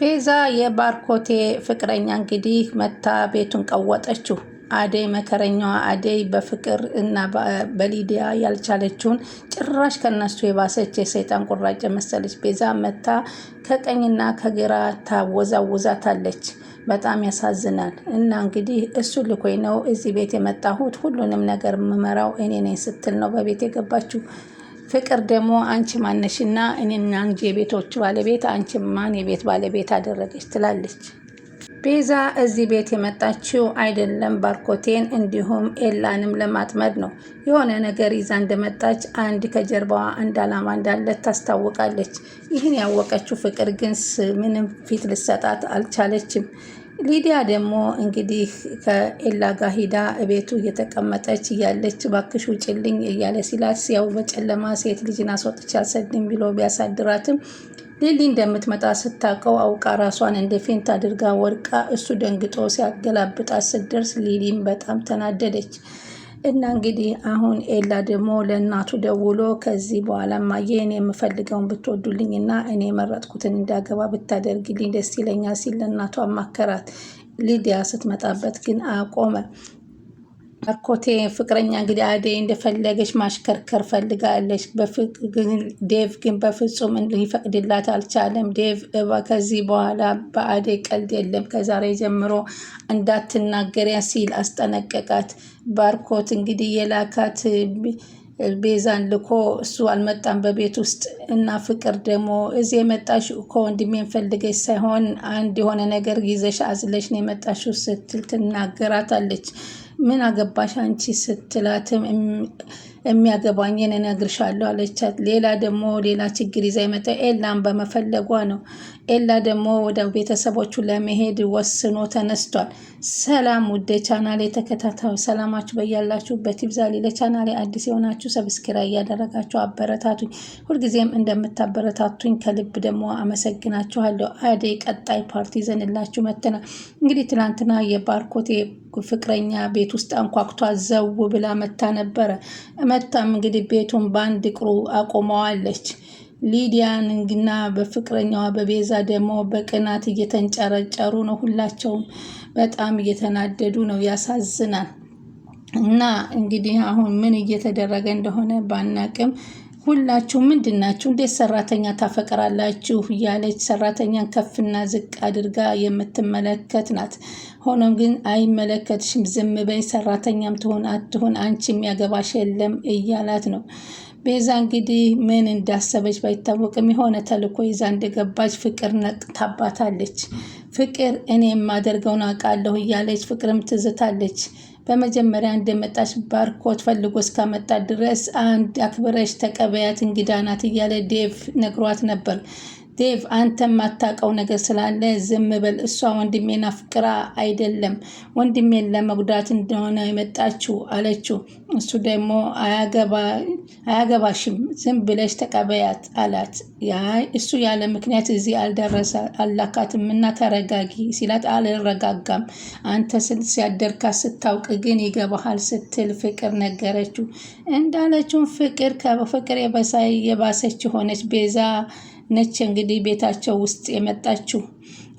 ቤዛ የባርኮቴ ፍቅረኛ እንግዲህ መታ ቤቱን ቀወጠችው። አደይ መከረኛዋ አደይ በፍቅር እና በሊዲያ ያልቻለችውን ጭራሽ ከነሱ የባሰች የሰይጣን ቁራጭ መሰለች። ቤዛ መታ ከቀኝና ከግራ ታወዛውዛታለች። በጣም ያሳዝናል። እና እንግዲህ እሱ ልኮኝ ነው እዚህ ቤት የመጣሁት ሁሉንም ነገር የምመራው እኔ ነኝ ስትል ነው በቤት የገባችው። ፍቅር ደግሞ አንቺ ማነሽና እኔና እንጂ የቤቶቹ ባለቤት አንቺ ማን የቤት ባለቤት አደረገች ትላለች። ቤዛ እዚህ ቤት የመጣችው አይደለም ባርኮቴን እንዲሁም ኤላንም ለማጥመድ ነው። የሆነ ነገር ይዛ እንደመጣች አንድ ከጀርባዋ አንድ አላማ እንዳለ ታስታውቃለች። ይህን ያወቀችው ፍቅር ግን ምንም ፊት ልሰጣት አልቻለችም። ሊዲያ ደግሞ እንግዲህ ከኤላ ጋር ሂዳ እቤቱ እየተቀመጠች እያለች ባክሽ ውጭልኝ እያለ ሲላስ ያው በጨለማ ሴት ልጅን አስወጥቼ አልሰድም ብሎ ቢያሳድራትም ሊሊ እንደምትመጣ ስታውቀው አውቃ ራሷን እንደ ፌንት አድርጋ ወድቃ እሱ ደንግጦ ሲያገላብጣ ስትደርስ ሊሊም በጣም ተናደደች። እና እንግዲህ አሁን ኤላ ደግሞ ለእናቱ ደውሎ ከዚህ በኋላ ማየ እኔ የምፈልገውን ብትወዱልኝ እና እኔ የመረጥኩትን እንዳገባ ብታደርግልኝ ደስ ይለኛል ሲል ለእናቱ አማከራት። ሊዲያ ስትመጣበት ግን አቆመ። መርኮቴ ፍቅረኛ እንግዲህ አደይ እንደፈለገች ማሽከርከር ፈልጋለች። ዴቭ ግን በፍጹም ሊፈቅድላት አልቻለም። ዴቭ ከዚህ በኋላ በአደይ ቀልድ የለም ከዛሬ ጀምሮ እንዳትናገሪያ ሲል አስጠነቀቃት። ባርኮት እንግዲህ የላካት ቤዛን ልኮ እሱ አልመጣም በቤት ውስጥ እና ፍቅር ደግሞ እዚ የመጣሽው ከወንድሜን ፈልገሽ ሳይሆን አንድ የሆነ ነገር ይዘሽ አዝለሽ ነው የመጣሽው ስትል ትናገራታለች። ምን አገባሽ አንቺ ስትላትም የሚያገባኝን እነግርሻለሁ አለቻት። ሌላ ደግሞ ሌላ ችግር ይዛ የመጣው ኤላን በመፈለጓ ነው። ኤላ ደግሞ ወደ ቤተሰቦቹ ለመሄድ ወስኖ ተነስቷል። ሰላም ውዴ ቻናሌ ተከታታዩ ሰላማችሁ በያላችሁበት ይብዛል። ለቻናሌ አዲስ የሆናችሁ ሰብስክራይብ እያደረጋችሁ አበረታቱኝ። ሁልጊዜም እንደምታበረታቱኝ ከልብ ደግሞ አመሰግናችኋለሁ። አደይ ቀጣይ ፓርቲ ይዘንላችሁ መተናል። እንግዲህ ትናንትና የባርኮቴ ፍቅረኛ ቤት ውስጥ አንኳኩቷ ዘው ብላ መታ ነበረ። መታም እንግዲህ ቤቱን በአንድ እግሩ አቆመዋለች። ሊዲያን እና በፍቅረኛዋ በቤዛ ደግሞ በቅናት እየተንጨረጨሩ ነው። ሁላቸውም በጣም እየተናደዱ ነው። ያሳዝናል። እና እንግዲህ አሁን ምን እየተደረገ እንደሆነ ባናቅም ሁላችሁ ምንድን ናችሁ? እንዴት ሰራተኛ ታፈቅራላችሁ? እያለች ሰራተኛን ከፍና ዝቅ አድርጋ የምትመለከት ናት። ሆኖም ግን አይመለከትሽም፣ ዝም በይ፣ ሰራተኛም ትሆን አትሆን አንቺ የሚያገባሽ የለም እያላት ነው። ቤዛ እንግዲህ ምን እንዳሰበች ባይታወቅም የሆነ ተልእኮ ይዛ እንደገባች ፍቅር ነቅታባታለች። ፍቅር እኔ የማደርገውን አውቃለሁ እያለች ፍቅርም ትዝታለች። በመጀመሪያ እንደመጣች ባርኮት ፈልጎ እስካመጣ ድረስ አንድ አክብረሽ ተቀበያት እንግዳ ናት እያለ ዴቭ ነግሯት ነበር። ዴቭ አንተም የማታውቀው ነገር ስላለ ዝም በል። እሷ ወንድሜን አፍቅራ አይደለም ወንድሜን ለመጉዳት እንደሆነ የመጣችው አለችው። እሱ ደግሞ አያገባሽም፣ ዝም ብለሽ ተቀበያት አላት። እሱ ያለ ምክንያት እዚህ አልደረሰ አላካትም እና ተረጋጊ ሲላት አልረጋጋም፣ አንተ ሲያደርካት ስታውቅ ግን ይገባሃል ስትል ፍቅር ነገረችው። እንዳለችውን ፍቅር ከፍቅር የባሰች የሆነች ቤዛ ነች እንግዲህ ቤታቸው ውስጥ የመጣችው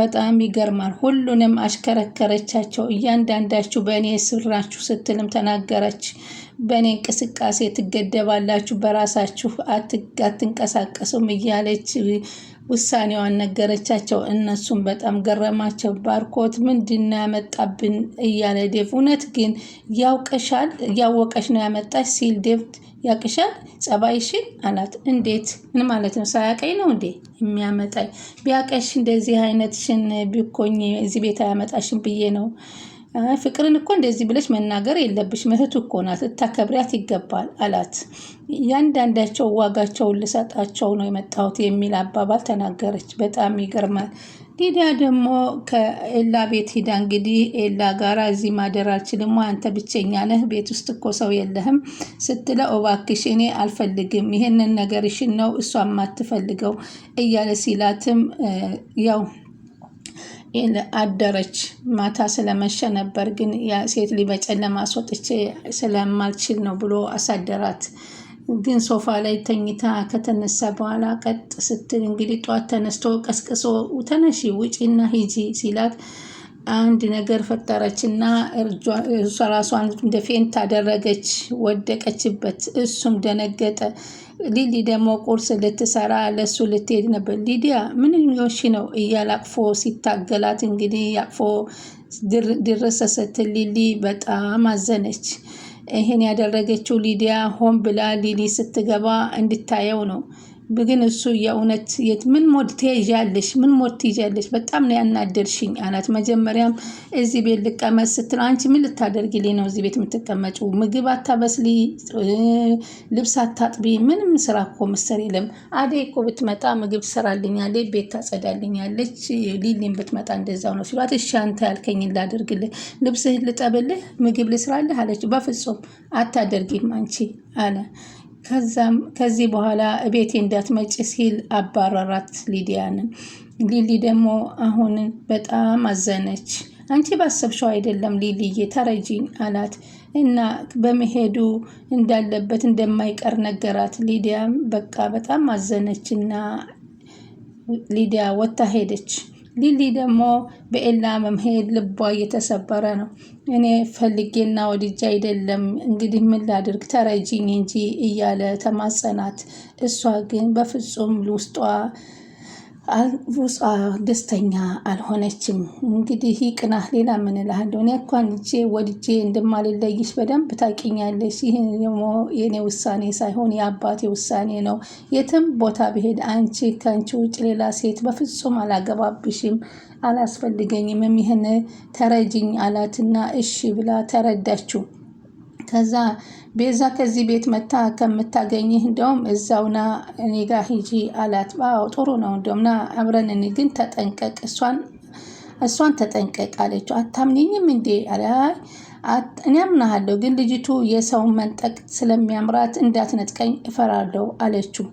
በጣም ይገርማል። ሁሉንም አሽከረከረቻቸው። እያንዳንዳችሁ በእኔ ስራችሁ ስትልም ተናገረች። በእኔ እንቅስቃሴ ትገደባላችሁ፣ በራሳችሁ አትንቀሳቀሱም እያለች ውሳኔዋን ነገረቻቸው። እነሱም በጣም ገረማቸው። ባርኮት ምንድን ነው ያመጣብን እያለ ዴቭ እውነት ግን ያውቀሻል እያወቀሽ ነው ያመጣሽ ሲል ዴቭ ያቅሻል ጸባይሽን አላት። እንዴት ምን ማለት ነው? ሳያቀኝ ነው እንዴ የሚያመጣኝ? ቢያቀሽ እንደዚህ አይነትሽን ቢኮኝ እዚህ ቤት አያመጣሽም ብዬ ነው ፍቅርን እኮ እንደዚህ ብለሽ መናገር የለብሽ እህት እኮ ናት፣ እታከብሪያት ይገባል አላት። እያንዳንዳቸው ዋጋቸውን ልሰጣቸው ነው የመጣሁት የሚል አባባል ተናገረች። በጣም ይገርማል። ዲዳ ደግሞ ከኤላ ቤት ሂዳ እንግዲህ ኤላ ጋራ እዚህ ማደር አልችልም፣ አንተ ብቸኛ ነህ፣ ቤት ውስጥ እኮ ሰው የለህም ስትለ እባክሽ እኔ አልፈልግም፣ ይህንን ይሽን ነው እሷ የማትፈልገው እያለ ሲላትም ያው አደረች። ማታ ስለመሸ ነበር፣ ግን ሴት ልጅ በጨለማ አስወጥቼ ስለማልችል ነው ብሎ አሳደራት። ግን ሶፋ ላይ ተኝታ ከተነሳ በኋላ ቀጥ ስትል እንግዲህ ጠዋት ተነስቶ ቀስቅሶ ተነሺ ውጪና ሂጂ ሲላት አንድ ነገር ፈጠረች እና ራሷን እንደ ፌንት አደረገች፣ ወደቀችበት። እሱም ደነገጠ። ሊሊ ደግሞ ቁርስ ልትሰራ ለሱ ልትሄድ ነበር። ሊዲያ ምን ሆንሽ ነው እያል አቅፎ ሲታገላት እንግዲህ አቅፎ ድረስ ስትል ሊሊ በጣም አዘነች። ይህን ያደረገችው ሊዲያ ሆን ብላ ሊሊ ስትገባ እንድታየው ነው። ግን እሱ የእውነት የት ምን ሞድ ትይዣለሽ? ምን ሞድ ትይዣለሽ? በጣም ነው ያናደርሽኝ አላት። መጀመሪያም እዚህ ቤት ልቀመጥ ስትል አንቺ ምን ልታደርጊልኝ ነው እዚህ ቤት የምትቀመጪው? ምግብ አታበስሊ፣ ልብስ አታጥቢ፣ ምንም ስራ እኮ ምሰር የለም። አዴ እኮ ብትመጣ ምግብ ትሰራልኛለች፣ ቤት ታጸዳልኛለች። ሊሊን ብትመጣ እንደዛው ነው ሲሏት፣ እሺ አንተ ያልከኝን ላደርግልህ፣ ልብስህን ልጠብልህ፣ ምግብ ልስራልህ አለች። በፍጹም አታደርጊም አንቺ አለ ከዛም ከዚህ በኋላ እቤቴ እንዳትመጭ ሲል አባረራት ሊዲያንን። ሊሊ ደግሞ አሁን በጣም አዘነች። አንቺ ባሰብሸው አይደለም ሊሊዬ ተረጂኝ አላት እና በመሄዱ እንዳለበት እንደማይቀር ነገራት። ሊዲያም በቃ በጣም አዘነች እና ሊዲያ ወታ ሄደች። ሊሊ ደግሞ በኤላ መምሄድ ልቧ እየተሰበረ ነው። እኔ ፈልጌና ወድጄ አይደለም እንግዲህ ምን ላድርግ ተረጂኝ እንጂ እያለ ተማጸናት። እሷ ግን በፍጹም ውስጧ አልቡሳ ደስተኛ አልሆነችም። እንግዲህ ቅናህ ሌላ ምን እልሃለሁ? እኔ እንኳን ልጄ ወድጄ እንደማልለይሽ በደንብ ታውቂኛለሽ። ይህ ደግሞ የኔ ውሳኔ ሳይሆን የአባቴ ውሳኔ ነው። የትም ቦታ ብሄድ አንቺ ከአንቺ ውጭ ሌላ ሴት በፍጹም አላገባብሽም፣ አላስፈልገኝም፣ ይህን ተረጅኝ አላትና እሺ ብላ ተረዳችው። ከዛ ቤዛ ከዚህ ቤት መታ ከምታገኝህ እንደውም እዛውና እኔ ሂጂ አላት። አዎ ጥሩ ነው እንደውም ና ግን ተጠንቀቅ፣ እሷን ተጠንቀቅ አለችው። አታምኘኝም እንዴ? አላይ እኔ አምናሃለሁ፣ ግን ልጅቱ የሰውን መንጠቅ ስለሚያምራት እንዳትነጥቀኝ እፈራለሁ አለችው።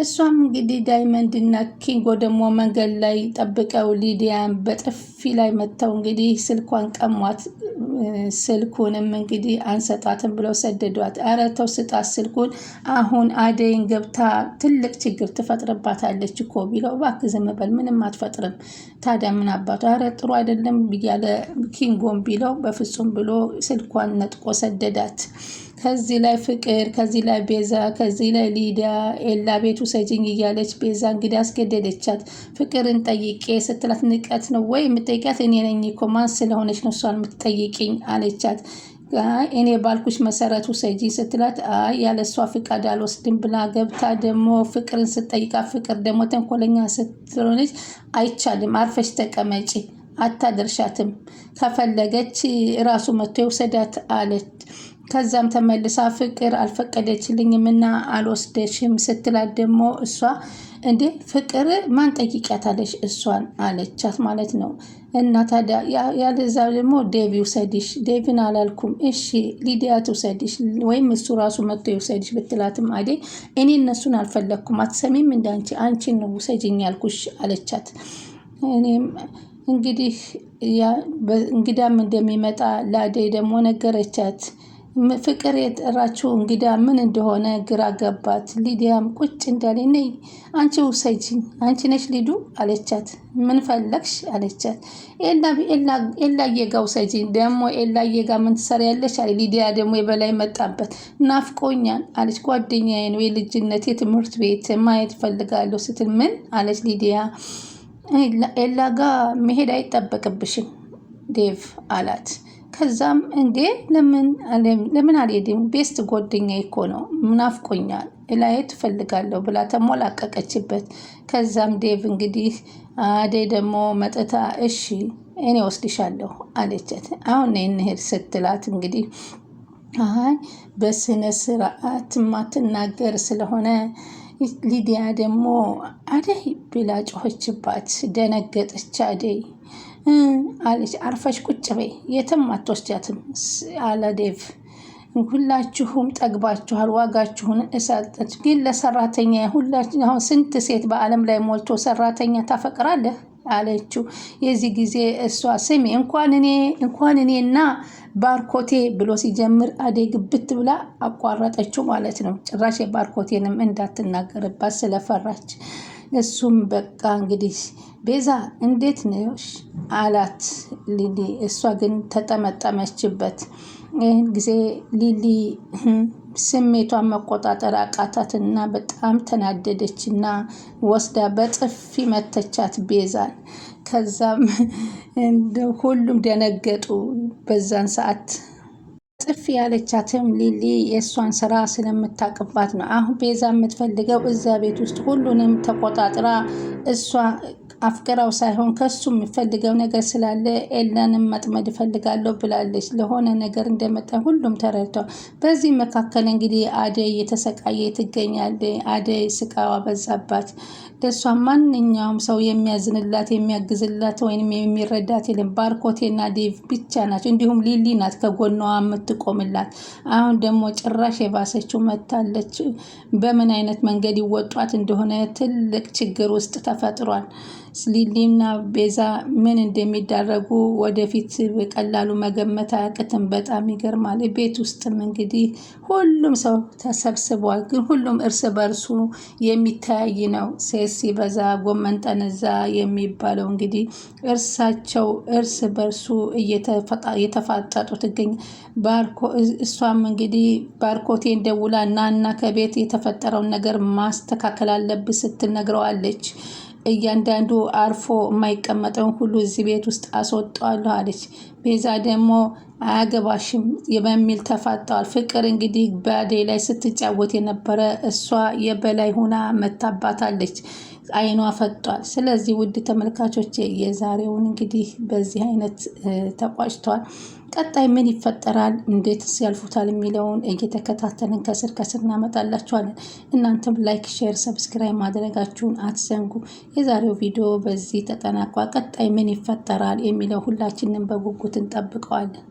እሷም እንግዲህ ዳይመንድና ኪንጎ ደግሞ መንገድ ላይ ጠብቀው ሊዲያን በጥፊ ላይ መጥተው እንግዲህ ስልኳን ቀሟት። ስልኩንም እንግዲህ አንሰጣትም ብለው ሰደዷት። ኧረ ተው ስጣት ስልኩን፣ አሁን አደይን ገብታ ትልቅ ችግር ትፈጥርባታለች እኮ ቢለው እባክህ ዝም በል ምንም አትፈጥርም፣ ታዲያ ምን አባቱ፣ ኧረ ጥሩ አይደለም እያለ ኪንጎን ቢለው በፍጹም ብሎ ስልኳን ነጥቆ ሰደዳት። ከዚህ ላይ ፍቅር ከዚህ ላይ ቤዛ ከዚህ ላይ ሊዳ ኤላ ቤት ሰጅኝ እያለች ቤዛ እንግዲህ አስገደደቻት። ፍቅርን ጠይቄ ስትላት ንቀት ነው ወይ የምጠይቃት እኔ ነኝ እኮ ማን ስለሆነች ነው እሷን የምትጠይቅኝ አለቻት። እኔ ባልኩሽ መሰረት ውሰጂ ስትላት አይ ያለ እሷ ፍቃድ አልወስድም ብላ ገብታ ደግሞ ፍቅርን ስጠይቃ ፍቅር ደግሞ ተንኮለኛ ስትሆነች አይቻልም፣ አርፈሽ ተቀመጪ አታደርሻትም፣ ከፈለገች ራሱ መጥቶ የውሰዳት አለች። ከዛም ተመልሳ ፍቅር አልፈቀደችልኝም እና አልወስደሽም ስትላት ደግሞ እሷ እንዴ ፍቅር ማን ጠይቂያታለሽ እሷን አለቻት ማለት ነው። እና ታዲያ ያለዛ ደግሞ ዴቭ ውሰድሽ፣ ዴቭን አላልኩም እሺ ሊዲያ ትውሰድሽ ወይም እሱ ራሱ መጥቶ ይውሰድሽ ብትላትም አዴ እኔ እነሱን አልፈለግኩም አትሰሚም እንዳንቺ አንቺን ነው ውሰጅኝ ያልኩሽ አለቻት። እኔም እንግዲህ እንግዳም እንደሚመጣ ለአዴ ደግሞ ነገረቻት። ፍቅር የጠራችው እንግዳ ምን እንደሆነ ግራ ገባት። ሊዲያም ቁጭ እንዳለ ነይ አንቺ ውሰጂኝ፣ አንቺ ነሽ ሊዱ አለቻት። ምን ፈለግሽ አለቻት። ኤላዬ ጋ ውሰጂኝ። ደግሞ ኤላዬ ጋ ምን ትሰሪያለሽ አለ ሊዲያ። ደግሞ የበላይ መጣበት። ናፍቆኛል አለች። ጓደኛዬ ነው የልጅነት የትምህርት ቤት ማየት ፈልጋለሁ ስትል ምን አለች ሊዲያ። ኤላ ጋ መሄድ አይጠበቅብሽም ዴቭ አላት። ከዛም እንዴ ለምን አልሄድም? ቤስት ጓደኛ እኮ ነው ምናፍቆኛል ላይ ትፈልጋለሁ ብላ ተሞላቀቀችበት። ከዛም ዴቭ እንግዲህ አደይ ደግሞ መጥታ እሺ እኔ ወስድሻለሁ አለቻት። አሁን እንሄድ ስትላት እንግዲህ አይ በስነ ስርዓት ማትናገር ስለሆነ ሊዲያ ደግሞ አደይ ብላ ጮኸችባት። ደነገጠች አደይ አለች። አርፈሽ ቁጭ በይ የትም አትወስጃትም አለ ዴቭ። ሁላችሁም ጠግባችኋል፣ ዋጋችሁን እሰጠች። ግን ለሰራተኛ ሁላሁን ስንት ሴት በዓለም ላይ ሞልቶ ሰራተኛ ታፈቅራለህ አለችው። የዚህ ጊዜ እሷ ስሚ እንኳን እኔ እንኳን እኔና ባርኮቴ ብሎ ሲጀምር አደይ ግብት ብላ አቋረጠችው ማለት ነው። ጭራሽ የባርኮቴንም እንዳትናገርባት ስለፈራች እሱም በቃ እንግዲህ ቤዛ እንዴት ነሽ አላት ሊሊ። እሷ ግን ተጠመጠመችበት። ይህን ጊዜ ሊሊ ስሜቷን መቆጣጠር አቃታት እና በጣም ተናደደች እና ወስዳ በጥፊ መተቻት ቤዛን። ከዛም ሁሉም ደነገጡ በዛን ሰዓት እጥፍ ያለቻትም ሊሊ የእሷን ስራ ስለምታቅባት ነው። አሁን ቤዛ የምትፈልገው እዛ ቤት ውስጥ ሁሉንም ተቆጣጥራ እሷ አፍቅራው ሳይሆን ከሱ የሚፈልገው ነገር ስላለ ኤላንም መጥመድ እፈልጋለሁ ብላለች። ለሆነ ነገር እንደመጣ ሁሉም ተረድቷል። በዚህ መካከል እንግዲህ አደይ የተሰቃየ ትገኛለች። አደይ ስቃዋ በዛባት። ለእሷ ማንኛውም ሰው የሚያዝንላት የሚያግዝላት ወይም የሚረዳት የለም። ባርኮቴና ዴቭ ብቻ ናቸው። እንዲሁም ሊሊ ናት ከጎኗ የምትቆምላት። አሁን ደግሞ ጭራሽ የባሰችው መታለች። በምን አይነት መንገድ ይወጧት እንደሆነ ትልቅ ችግር ውስጥ ተፈጥሯል። ስሊሊና ቤዛ ምን እንደሚዳረጉ ወደፊት በቀላሉ መገመት አያቅትም። በጣም ይገርማል። ቤት ውስጥም እንግዲህ ሁሉም ሰው ተሰብስቧል። ግን ሁሉም እርስ በርሱ የሚተያይ ነው። ሴት ሲበዛ ጎመን ጠነዛ የሚባለው እንግዲህ እርሳቸው እርስ በርሱ እየተፋጠጡት ትገኝ እሷም እንግዲህ ባርኮቴን ደውላ ናና ከቤት የተፈጠረውን ነገር ማስተካከል አለብህ ስትነግረዋለች። እያንዳንዱ አርፎ የማይቀመጠውን ሁሉ እዚህ ቤት ውስጥ አስወጣዋለሁ አለች። ቤዛ ደግሞ አያገባሽም በሚል ተፋጠዋል። ፍቅር እንግዲህ ባዴ ላይ ስትጫወት የነበረ እሷ የበላይ ሁና መታባታለች። አይኗ ፈጧል። ስለዚህ ውድ ተመልካቾች የዛሬውን እንግዲህ በዚህ አይነት ተቋጭተዋል ቀጣይ ምን ይፈጠራል፣ እንዴትስ ያልፉታል የሚለውን እየተከታተልን ከስር ከስር እናመጣላችኋለን። እናንተም ላይክ፣ ሼር፣ ሰብስክራይብ ማድረጋችሁን አትዘንጉ። የዛሬው ቪዲዮ በዚህ ተጠናቋ ቀጣይ ምን ይፈጠራል የሚለው ሁላችንም በጉጉት እንጠብቀዋለን።